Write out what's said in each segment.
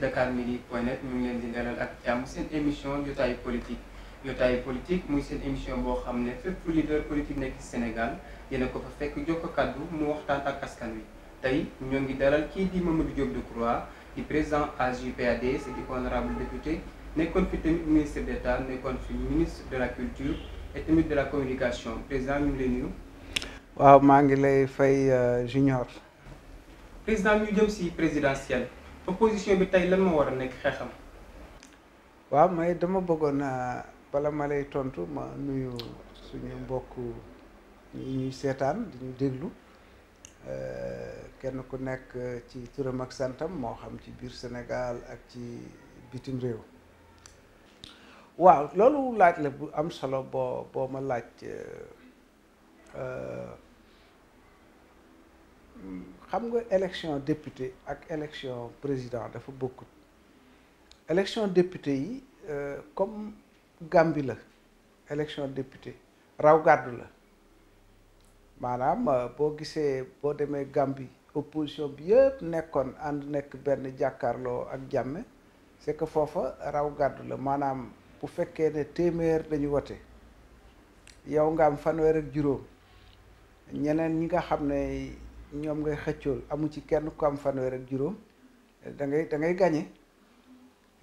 dakarmidi.net ñu ngi leen di dalal ak jàmm seen émission jotaayu politique jotaayu politique muy seen émission boo xam ne fépp leader politique nekk ci Sénégal yéen ko fa fekk jox kàddu mu waxtaan ak askan wi tey ñoo ngi dalal kii di Mamadou de Decroix di président AJ/PAD c'est di honorable député nekkoon fi tamit ministre d'État nekkoon fi ministre de la culture et tamit de la communication président ñu ngi lay nuyu. waaw maa ngi lay fay euh, Junior. président ñu jëm si présidentielle. opposition bi tey lan moo war a nekk xeexam. waaw may dama bëggoon euh, bala ma lay tontu ma nuyu suñu mbokk yi ñuy seetaan di déglu euh, kenn ku nekk ci turam ak santam moo xam ci biir Sénégal ak ci bitim réew. waaw loolu laaj la bu am solo boo boo ma laaj. Euh, xam nga élection député ak élection président dafa bokkut élection député yi euh, comme Gambie la élection député raw gàddu la maanaam euh, boo gisee boo demee Gambie opposition bi yëpp nekkoon ànd nekk benn jàkkaarloo ak jàmme c'est que foofa raw gàddu la maanaam bu fekkee ne téeméer dañu wote yow nga am fanweer ak juróom ñeneen ñi nga xam ne ñoom ngay xëccool amu ci kenn ku am fanweer ak juróom da ngay da ngay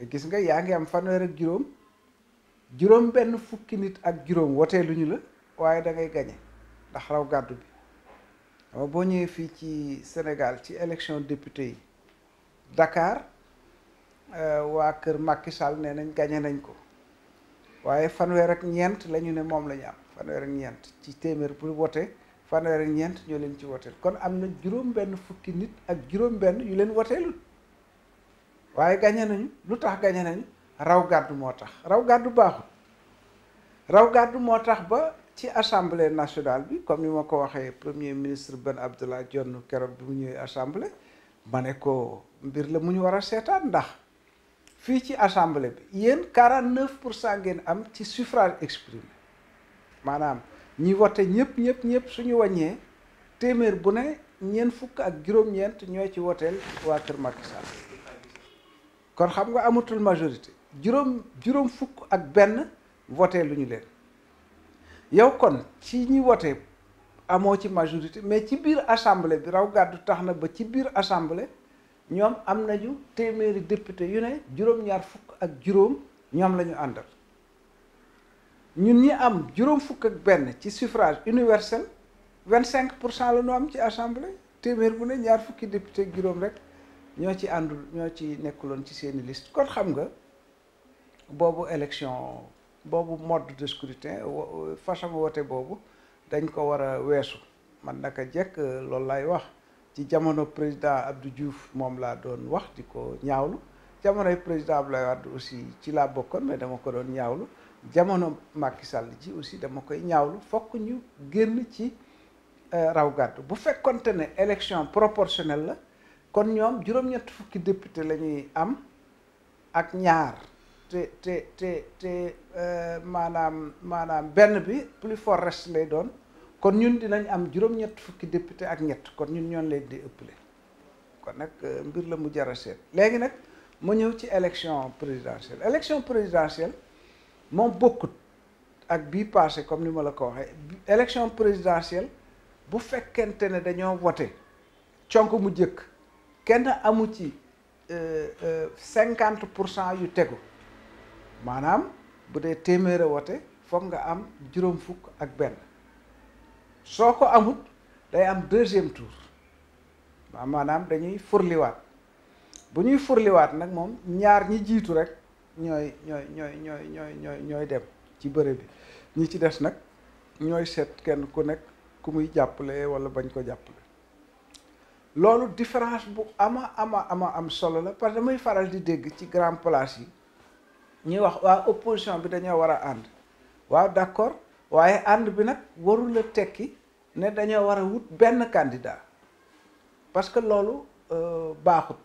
gis nga yaa ngi am fanweer ak juróom juróom benn fukki nit ak juróom woteeluñu la waaye da ngay gañe ndax raw gàddu bi ama boo ñëwee fii ci Sénégal ci élection député yi Dakar euh, waa kër Macky Sall nee nañ gañe nañ ko waaye fanweer ak ñeent lañu ne moom la ñu am fanweer ak ñeent ci téeméer bu wote fanweer ak ñeent ñoo leen ci woteel kon am na juróom-benn fukki nit ak juróom-benn yu leen woteelul waaye gañe nañu lu tax gañe nañu raw gàddu moo tax raw gàddu baaxul raw gàddu moo tax ba ci assemblée nationale bi comme ni ma ko waxee premier ministre Ben Abdallah Dionne keroog bi mu ñëwee assemblée ma ne ko mbir la mu ñu war a seetaan ndax fii ci assemblée bi yéen 49 pour cent ngeen am ci suffrage exprimé maanaam. ñi wote ñëpp ñëpp ñëpp suñu wàññee téeméer bu ne ñeent fukk ak juróom-ñeent ñoo ci woteel waa kër Macky kon xam nga amatul majorité juróom juróom fukk ak benn voté lu ñu leen yow kon ci ñi wote amoo ci majorité mais ci biir assemblée bi raw gàddu tax na ba ci biir assemblée ñoom am nañu téeméeri député yu ne juróom-ñaar fukk ak juróom ñoom la ñu àndal ñun ñi am juróom fukk ak benn ci suffrage universel vingt cinq pour cent la ñu am ci assemblée téeméer bu ne ñaar fukki député ak juróom rek ñoo ci àndul ñoo ci nekkuloon ci seeni liste kon xam nga boobu élection boobu mode de scrutin façon wote boobu dañ ko war a weesu man naka jekk loolu laay wax ci jamono président Abdou Diouf moom laa doon wax di ko ñaawlu jamonoy président Abdoulaye Wade aussi ci laa bokkoon mais dama ko doon ñaawlu jamono Macky Sall ji aussi dama koy ñaawlu fokk ñu génn ci euh, raw gàddu bu fekkonte ne élection proportionnel la kon ñoom juróom-ñett fukki député la ñuy am ak ñaar te te te euh, maanaam maanaam benn bi plus fort reste lay doon kon ñun dinañ am juróom-ñett fukki député ak ñett kon ñun ñoon leen di ëppale kon nag euh, mbir la mu jar a seet léegi nag ma ñëw ci élection présidentielle élection présidentielle moom bokkut ak bii passé comme ni ma la ko waxee élection présidentielle bu fekkente ne dañoo voté conk mu jëkk kenn amu ci euh, euh, cinquante pour cent yu tegu maanaam bu dee téeméer a voté foog nga am juróom fukk ak benn soo ko amut day am deuxième tour maanaam dañuy furliwaat bu ñuy furliwaat nag moom ñaar ñi jiitu rek ñooy ñooy ñooy ñooy ñooy ñooy ñooy dem ci bërëb bi ñi ci des nag ñooy set kenn ku nekk ku muy jàppale walla bañ ko jàppale loolu différence bu ama ama ama am solo la parce que muy faral di dégg ci grand place yi ñuy wax waa opposition bi dañoo war a ànd waaw d'accord waaye ànd bi nag warul tekki ne dañoo war a wut benn candidat parce que loolu euh, baaxut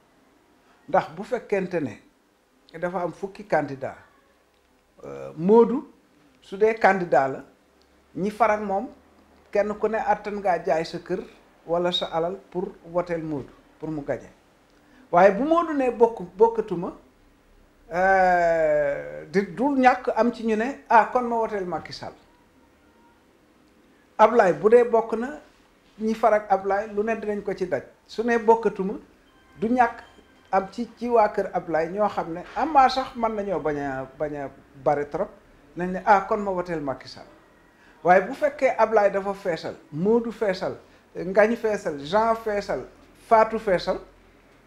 ndax bu fekkente ne dafa am fukki candidat euh, Modou su dee candidat la ñi farak moom kenn ku ne attan ngaa jaay sa kër wala sa alal pour woteel Modou pour mu gañe waaye bu Modou ne bokk bokkatuma euh, di dul ñàkk am ci ñu ne ah kon ma woteel Macky Sall Ablaye bu dee bokk na ñi farak Ablaye lu ne dinañ ko ci daj su ne bokkatuma du ñàkk am ci ci waa kër ablaay ñoo xam ne amaa sax mën nañoo bañ bañ a bare trop nañ ne ah kon ma woteel Macky Sall waaye bu fekkee Ablaye dafa feesal Moodu feesal Ngañ feesal Jean feesal faatu feesal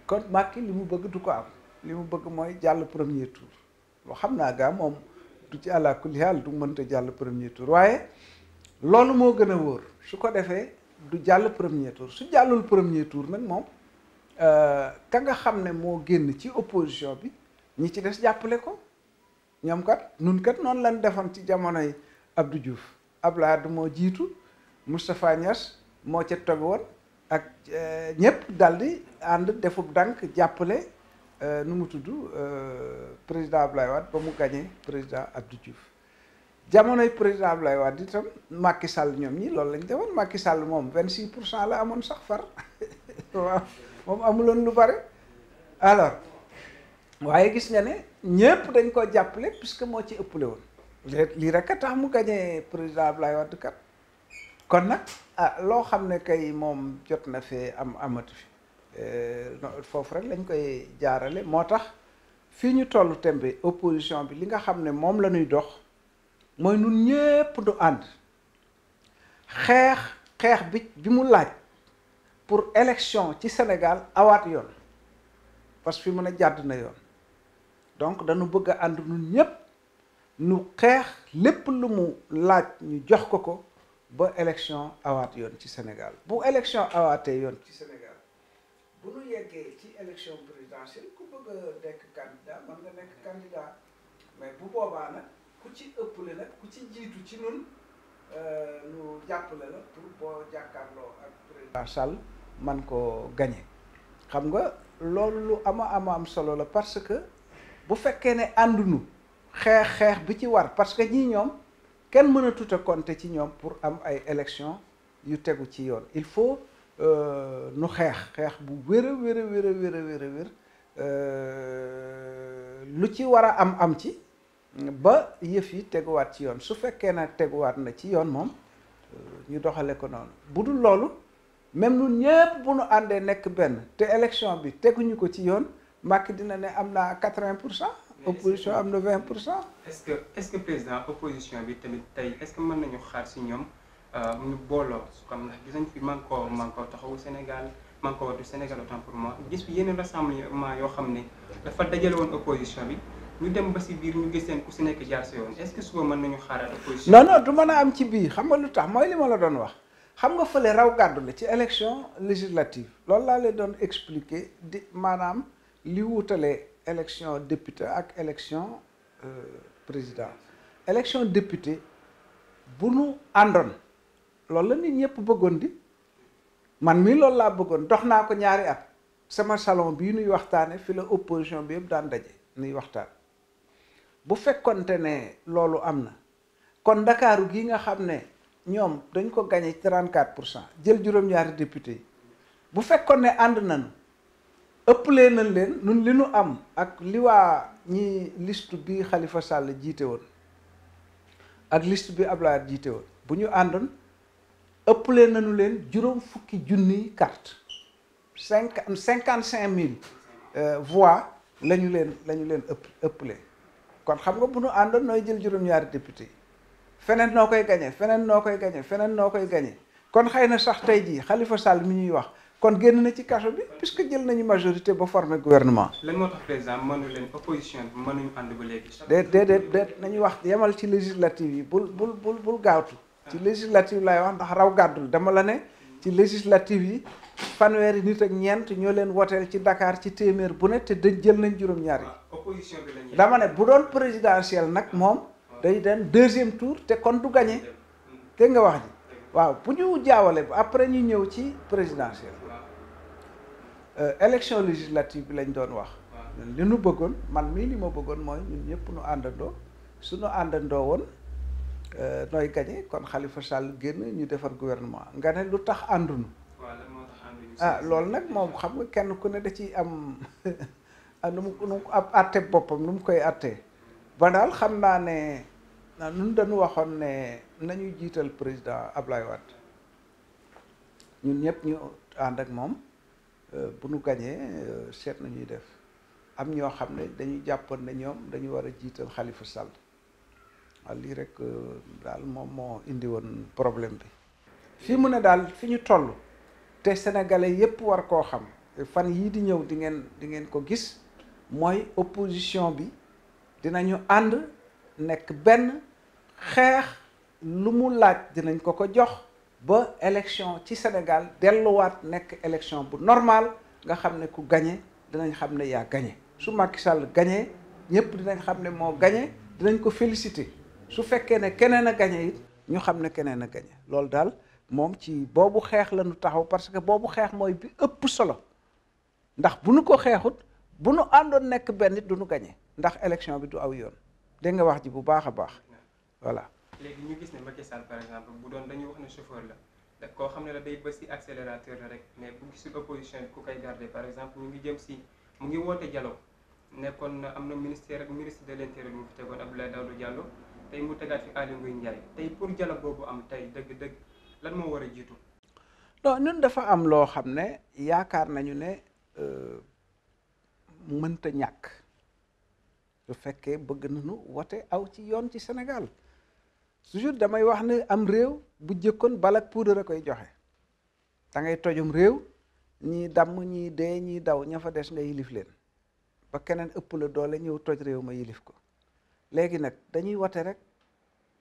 kon Macky li mu bëgg du ko am li mu bëgg mooy jàll premier tour loo xam naa gaa moom du ci àlla kulli du mënta jàll premier tour waaye loolu moo gën a wóor su ko defee du jàll premier tour su jàllul premier tour nag moom Euh, ka nga xam ne moo génn ci opposition bi ñi ci des jàppale ko ñoom kat nun kat noonu lan defoon ci jamonoy ab Diouf Abdoulaye Wade moo jiitu Moustapha Niass moo ca tog woon ak euh, ñëpp di ànd defub dànk jàppale euh, nu mu tudd président Abdoulaye waat ba mu gañee président Abdou Diouf jamonoy président Abdoulaye Wade itam Macky Sall ñoom ñi loolu lañ defoon Macky Sall moom vingt six pour cent la amoon sax far waaw moom amuloon lu bari alors waaye gis nga ne ñëpp dañ ko jàppale que moo ci ëppale woon lii rek a tax mu gagné président lay Wade kat kon nag ah, loo xam ne kay moom jot na fee am amatu fi euh, foofu rek lañ koy jaarale moo tax fii ñu tollu tembe opposition bi li nga xam ne moom la ñuy dox mooy nun ñépp du ànd xeex xeex bi bi mu laaj pour élection ci Sénégal awaat yoon parce que fi mën a jàdd na yoon donc dañu bëgg a ànd ñun ñépp nu xeex lépp lu mu laaj ñu jox ko ko ba élection awaat yoon ci Sénégal bu élection awaatee yoon ci Sénégal bu ñu ci élection présidentielle ku bëgg a nekk candidat mën nga nekk candidat mais bu boobaa ku ci ëpple nag ku ci jiitu ci nun euh, ñu jàppale la pour boo jàkkaarloo ak président Sall man koo gañe xam nga loolu lu ama ama am solo la parce que bu fekkee ne àndunu xeex xeex bi ci war parce que ñii ñoom kenn mën a tut ci ñoom pour am ay élection yu tegu ci yoon il faut euh, nu xeex xeex bu wér a wéra a wér wér a euh, lu ci war a am am ci ba yëf yi teguwaat ci yoon su fekkee na teguwaat na ci yoon moom euh, ñu doxale ko noonu bu dul loolu même ñun ñëpp bu nu àndee nekk benn te élection bi teguñu ko ci yoon Macky dina ne am naa quatre-vingts pour cent. opposition am na vingt pour cent. est-ce que est-ce que président bi tamit tey est-ce que mën nañu xaar si ñoom euh, ñu booloo su xam ndax gis nañ fi Mankoo Mankoo taxawu Sénégal Mankoo du Sénégal autant pour moi gis fi yenn rassemblement yoo xam ne dafa dajale woon opposition bi ñu dem ba si biir ñu gis seen ku si nekk jaar si yoon est-ce que mën nañu xaaraat opposition. non du mën a am ci biir xam nga lu tax mooy li ma la doon wax. xam nga fële raw gàddu la ci élection législative loolu laa leen doon expliquer di maanaam li wutale élection député ak élection euh, président élection député bu àndoon loolu la ñëpp bëggoon di man mii loolu laa bëggoon dox naa ko ñaari at sama salon bii nuy waxtaane fi la opposition bi yëpp daan daje nuy waxtaan bu fekkonte ne loolu am na kon ndakaaru gi nga xam ne ñoom dañ ko gagné 34 pour cent jël juróom-ñaari député bu fekkoon ne ànd ëpp ëppalee nañ leen nun li nu am ak li waa ñi liste bi xalifa Sall jiite woon ak liste bi Abdoulaye jiite woon bu ñu àndoon ëppalee nañu leen juróom fukki junni carte cinq cinquante cinq mille euh, voix la ñu leen la leen ëpp ëppalee kon xam nga bu ñu àndoon nooy jël juróom-ñaari député yi feneen noo koy gañe feneen noo koy gañe feneen noo koy gañe kon xëy na sax tey jii xalifa Sall mi ñuy wax kon génn na ci kaso bi que jël nañu majorité ba former gouvernement. lan moo tax président mënu leen opposition bi mënuñu ànd ba léegi. déet déet déet nañu wax yemal ci législative yi bul bul bul bul gaawtu. ci législative laay wax ndax raw gàddul dama la ne. ci législative yi fanweeri nit ak ñeent ñoo leen woteel ci Dakar ci téeméer bu ne te dañ jël nañ juróom-ñaar yi. opposition bi dama ne bu doon présidentiel nag moom. day dem deuxième tour te kon du gagné dégg nga wax ji waaw bu ñu jaawalee jaawale après ñu ñëw ci présidentielle euh, élection législative bi lañ doon wax li nu bëggoon man mii li ma bëggoon mooy ñu ñëpp nu àndandoo suñu àndandoo woon euh, nooy gagné kon xalifa Sall génn ñu defar gouvernement nga ne lu tax àndunu ah loolu nag moom xam nga kenn ku ne da ciy am nu mu nu mu ab àtte boppam nu mu koy àtte ba daal xam naa ne ah ñun dañu waxoon ne nañu jiital président Ablaye Wade ñun ñëpp ñu ànd ak moom euh, bu nu gañee euh, seet nañuy def am ñoo xam ne dañu jàppoon ne ñoom dañu war a jiital xalifa Sall waaw lii rek euh, daal moom moo indi woon problème bi. fii mu ne daal fi ñu toll te sénégalais yépp war koo xam fan yii di ñëw di ngeen di ngeen ko gis mooy opposition bi dinañu ànd. nekk benn xeex lu mu laaj dinañ ko ko jox ba élection ci Sénégal delluwaat nekk élection bu normal nga xam ne ku gañe dinañ xam ne yaa gagné su Macky Sall gagné ñëpp dinañ xam ne moo gañe dinañ ko félicité su fekkee ne keneen a gagné it ñu xam ne keneen a gagné loolu daal moom ci boobu xeex la ñu taxaw parce que boobu xeex mooy bi ëpp solo ndax bu nu ko xeexut bu nu àndoon nekk benn it du nu gagné ndax élection bi du aw yoon. dégg nga wax ji bu baax a baax voilà. léegi ñu gis ne Macky Sall par exemple bu doon dañuy wax ne chauffeur la da koo xam ne la day bës si accélérateur la rek mais bugg si opposition bi ku koy garde par exemple mu ngi jëm si mu ngi woote dialogue nekkoon na am na ministère ak ministre de l' intérieur mu fi tegoon Abdoulaye Daouda Diallo tey mu tegaat fi Aly Ngouille Ndiaye tey pour dialogue boobu am tey dëgg-dëgg lan moo war a jiitu. non ñun dafa am loo xam ne yaakaar nañu ne euh, mënta ñàkk. su fekkee bëgg nañu wote aw ci yoon ci senegal toujours damay wax ne am réew bu jëkkoon balak poudre a koy joxe da tojum réew ñii damm ñii dee ñii daw ña fa des nga yilif leen ba keneen ëpp la doole ñëw toj réew ma yilif ko léegi nag dañuy wote rek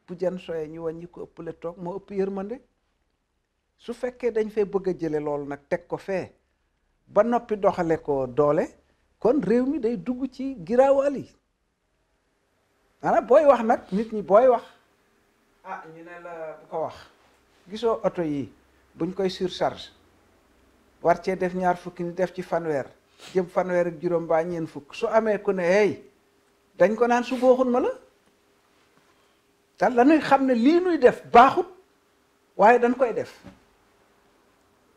bu jan soye ñu wàññi ko ëpp la toog moo ëpp yërmande su fekkee dañ fee bëgg a jële loolu nag teg ko fee ba noppi doxale ko doole kon réew mi day dugg ci giraawaal yi maanaam booy wax nag nit ñi booy wax ah ñu ne la ko wax gisoo oto yi buñ koy surcharge war cee def ñaar fukki ni def ci fanweer jëm fanweer ak juróom mbaa ñeen fukk su amee ku ne hey dañ ko naan su booxun ma la te lañuy xam ne lii nuy def baaxut waaye dañ koy def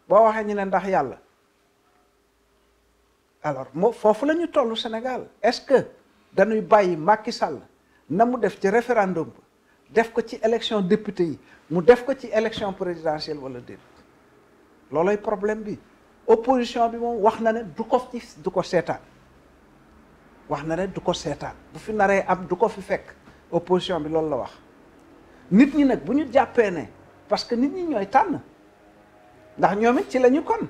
boo waxee ñu ne ndax yàlla alors moo foofu la tollu senegal Sénégal est-ce que dañuy bàyyi Macky Sall na mu def ci référendum def ko ci élection député yi mu def ko ci élection présidentielle wala déet loolooy problème bi opposition bi moom wax na ne du ko fi du ko seetaan wax na ne du ko seetaan bu fi naree am du ko fi fekk opposition bi loolu la wax nit ñi nag bu ñu jàppee ne parce que nit ñi ñooy tànn ndax ñoom it ci la ñu kon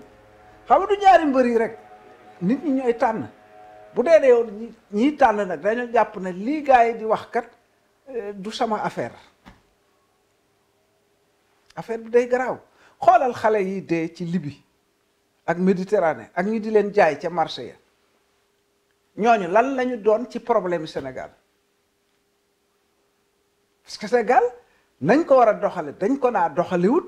xam du ñaari mbër yi rek nit ñi ñooy tànn bu dee ne yow ñiy tànn nag dañoo jàpp ne lii gars yi di wax kat euh, du sama affaire affaire bi day garaaw xoolal xale yi dee ci libi ak Méditerranée ak ñu di leen jaay ca marché ya ñooñu lan lañu doon ci problème Sénégal parce que Sénégal nañ ko war a doxale dañ ko naa doxaliwut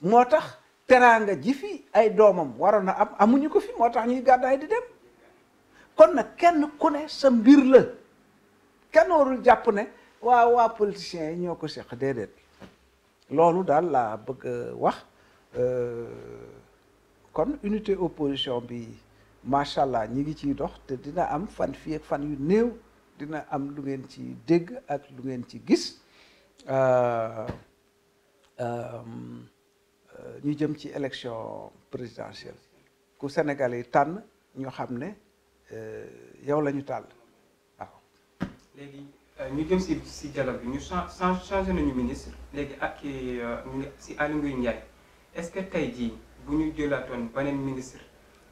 moo tax teraanga ji fi ay doomam waroon na am amuñu ko fi moo tax ñuy gàddaay di dem kon nag kenn ku ne sa mbir la kenn warul jàpp ne waaw waa politiciens yi ñoo ko seq déedéet loolu daal laa bëgg wax euh, kon unité opposition bi macha allah ñi ngi ciy dox te dina am fan fii ak fan yu néew dina am lu ngeen ci dégg ak lu ngeen ci gis euh, euh, ñu jëm ci élection présidentielle ku Sénégal yi tànn ñoo xam ne Euh, yow lañu ñu taal waaw. léegi euh, ñu jëm si si dialogue bi ñu chang changé nañu ministre léegi ak euh, ñu si Aly Ngouille Ndiaye est-ce que tey jii bu ñu jëlaatoon beneen ministre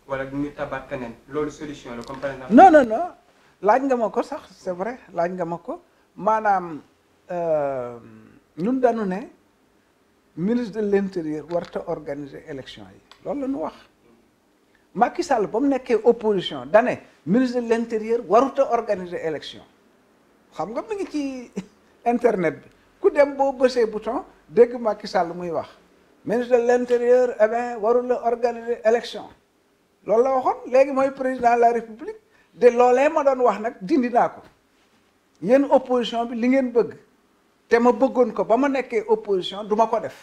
wala bu ñu tabaat keneen loolu solution la comme par exemple. non non non laaj nga ma ko sax c'est vrai laaj nga ma ko maanaam ñun dañu ne ministre de l'intérieur warta organiser élection yi loolu la ñu wax. Macky Sall ba mu nekkee opposition da ne ministre de l' intérieur warut a organiser élection xam nga mi ngi ci internet bi ku dem boo bësee bouton dégg Macky Sall muy wax ministre de l' intérieur eh bien warul a organiser élection loolu la waxoon léegi mooy président la république de loolee ma doon wax nag dindi naa ko yéen opposition bi li ngeen bëgg te ma bëggoon ko ba ma nekkee opposition duma ko def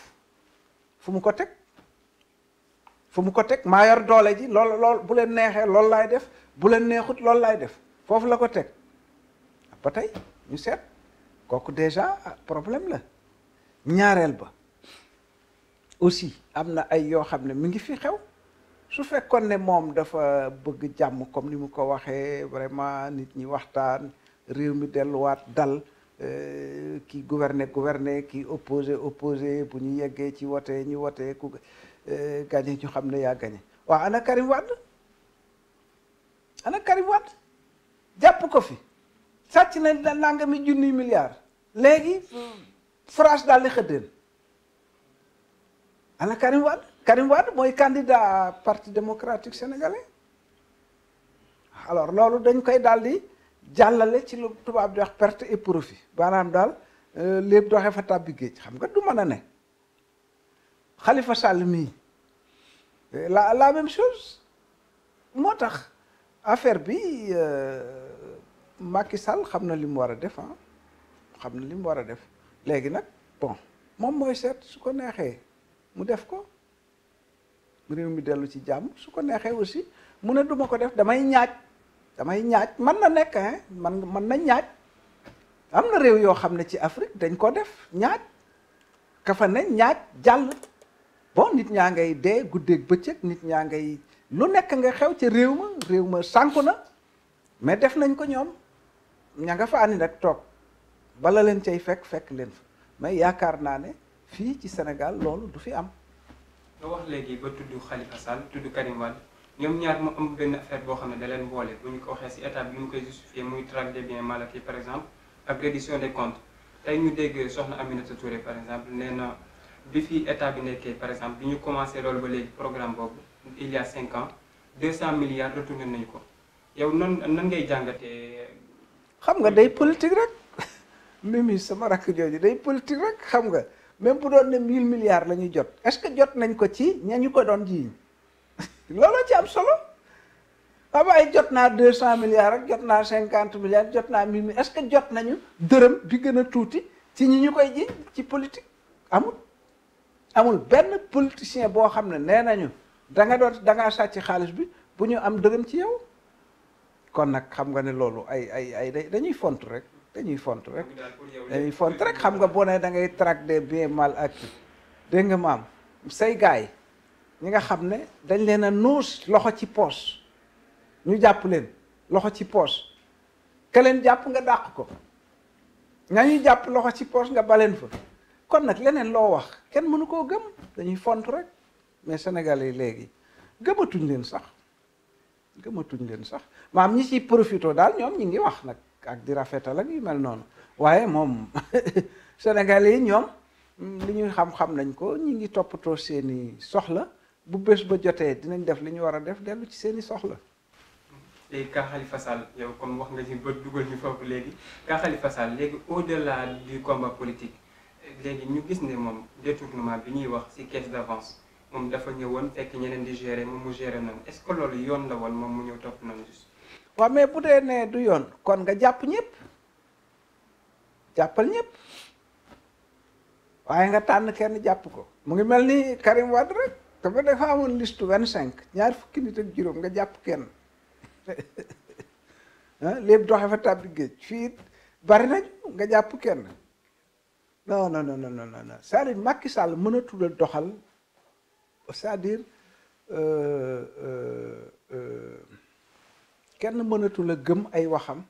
fu mu ko teg. fu mu ko teg maa doole ji lool lool bu leen neexee loolu laay def bu leen neexut loolu laay def foofu la ko teg ba tey ñu set kooku déjà problème la ñaareel ba aussi am na ay yoo xam ne mi ngi fi xew su fekkoon ne moom dafa bëgg jàmm comme ni mu ko waxee vraiment nit ñi waxtaan réew mi delluwaat dal euh, kii gouverner gouverner kii opposé opposé bu ñu yeggee ci wote ñu wote ku Euh, gagné ñu xam ne yaa gagné waaw ana Karim Wade ana Karim Wade jàpp ko fi sàcc nañ da nangami junniy milliards léegi France daal di xëddeen ana Karim Wade Karim Wade mooy candidat parti démocratique sénégalais alors loolu dañ koy daal di jàllale ci lu tubaab di wax perte et profit maanaam daal euh, lépp doxee fa tàbbi géej xam nga du mën a ne xalifa sàll mii la la même chose moo tax affaire bi euh, Macky Sall xam na li mu war a def ah. xam na li war a def léegi nag bon moom mooy seet su ko neexee mu def ko réew mi dellu ci jàmm su ko neexee aussi mu ne duma ko def damay ñaaj damay ñaaj man na nekk hein man man na ñaaj am na réew yoo xam ne ci Afrique dañ ko def ñaaj ka fa ne ñaaj jàll bon nit ñaa ngay dee guddeeg bëccëg nit ñaa ngay lu nekk nga xew ci réew ma réew ma sànku na mais def nañ ko ñoom ña nga fa àndi nag toog bala leen cay fekk fekk leen fa mais yaakaar naa ne fii ci Sénégal loolu du fi am. nga wax léegi ba tudd Khalifa Sall tudd Karim ñoom ñaar mu am benn affaire boo xam ne da leen boole bu ñu ko waxee si état bi ñu koy justifier muy traque des biens mal par exemple ak reddition des comptes tey ñu dégg soxna Aminata par exemple nee bi fi état bi nekkee par exemple bi ñu commencé loolu ba léegi programme boobu il y a cinq ans deux cent milliards nañu ko yow nan nan ngay jàngatee. xam nga day politique rek Mimi sama rakk jooju day politique rek xam nga même bu doon ne mille milliards la ñuy jot est-ce que jot nañ ko ci ña ñu ko doon jiiñ looloo ci am solo xam ay jot naa deux cent milliards ak jot naa cinquante milliards jot naa mille est-ce que jot nañu dërëm bi gën a tuuti ci ñi ñu koy jiiñ ci politique amul. amul benn politicien boo xam ne nee nañu da nga doon danga ngaa sàcc xaalis bi bu ñu am dërëm ci yow kon nag xam nga ne loolu ay ay ay dañuy font rek dañuy font rek dañuy font rek xam nga boo ne dangay ngay traque des biens mal acquis dégg nga maam say gaay ñi nga xam ne dañ leen a nuus loxo ci poos ñu jàpp leen loxo ci poos ka leen jàpp nga dàq ko ña ñuy jàpp loxo ci poos nga baleen fa kon nag leneen loo wax kenn mënu koo gëm dañuy font rek mais sénégalais yi léegi gëmatuñ leen sax gëmatuñ leen sax maam ñi ci profito daal ñoom ñi ngi wax nag ak di rafetal a yu mel noonu waaye moom sénégal yi ñoom li ñuy xam-xam nañ ko ñi ngi toppatoo seeni soxla bu bés ba jotee dinañ def li ñu war a def dellu ci seeni soxla léegi Ka Khalifa Sall yow comme wax nga ci ba dugal ñu foofu léegi Ka Khalifa Sall léegi au delà du combat politique léegi ñu gis ne moom détournement bi ñuy wax ci caisse d'avance moom dafa ñëwoon fekk ñeneen di gérer moom mu gérer noonu est yoon la woon moom mu ñëw topp noonu juste waaw mais bu dee ne du yoon kon nga jàpp ñépp jàppal ñëpp nga tànn kenn jàpp ko mu ngi mel ni Karim Wade rek dafa dafa amoon liste vingt cinq ñaar fukki nit ak juróom nga jàpp kenn ah, lépp doxe fa tàbbi fii bari nañu nga jàpp kenn non non non non non non c'est-à-dire Macky Sall mënatul a doxal c'est-à-dire euh, euh, euh, kenn mënatul a gëm ay waxam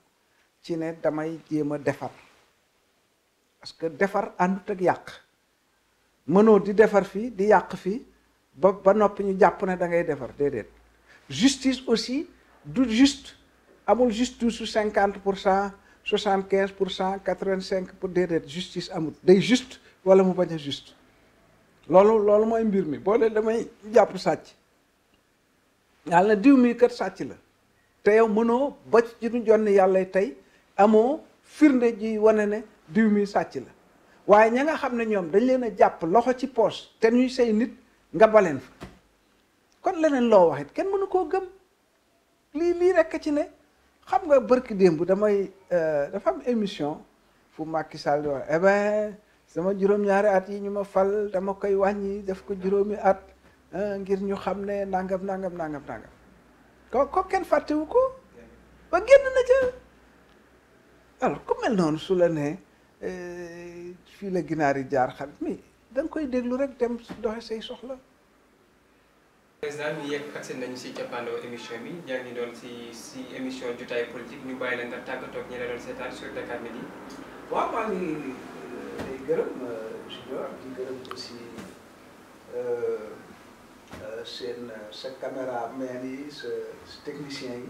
ci ne damay jéem a defar parce que defar àndut ak yàq mënoo di defar fii di yàq fii ba ba noppi ñu jàpp ne da ngay defar déedéet justice aussi du juste amul juste su cinquante pour cent soixante quinze pour cent quatre vingt cinq pour déedéet justice amut day juste wala mu bañ a juste loolu loolu mooy mbir mi boo dee damay jàpp sàcc yàlla diw mi kat sàcc la te yow mënoo ba ci ñu jonn yàlla tey amoo firnde ji wane ne diw mi sàcc la waaye ña nga xam ne ñoom dañ leen a jàpp loxo ci poos te ñuy say nit nga baleen fa kon leneen loo waxit kenn mënu koo gëm lii lii rekk ci ne xam nga barki démb damay euh, dafa am émission fu Macky Sall di wax eh sama juróom-ñaari at yi ñu ma fal dama koy wàññi def ko juróomi at ngir ñu xam ne nangam nangam nangam nangam ko kenn fàttewu ko ba génn na ca alors ku mel noonu su la ne euh, fii la ginaar yi jaar xam mi da koy déglu rek dem doxe say soxla président ñu yegg agsi nañu si cappaandaw émission bi yaa doon si si émission jotaay politique ñu bàyyi leen nga tàggatoo ak ñi la doon seetaan sur Dakar Midi. waaw maa ngi lay gërëm Junior euh, di gërëm aussi euh, euh, seen sa caméraman yi sa technicien yi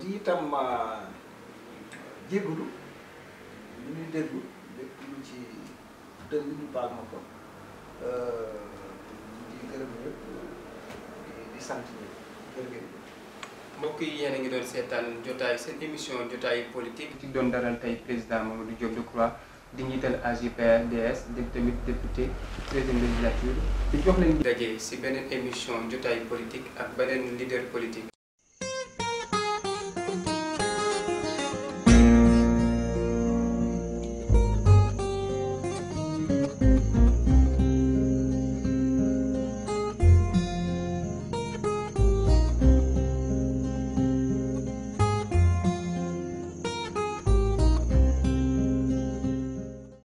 di itam jégalu ñu ñuy déglu ci dëng ñu baal ma ko. sant ñi jërëjëf yi yéen a ngi doon seetaan jotaay seen émission jotaayu politique. ci doon daral tey président Mamadou Diop Decroix di njiital AJ/PADS di tamit député deuxième législature di jox leen. daje si beneen émission jotaayu politique ak beneen leader politique.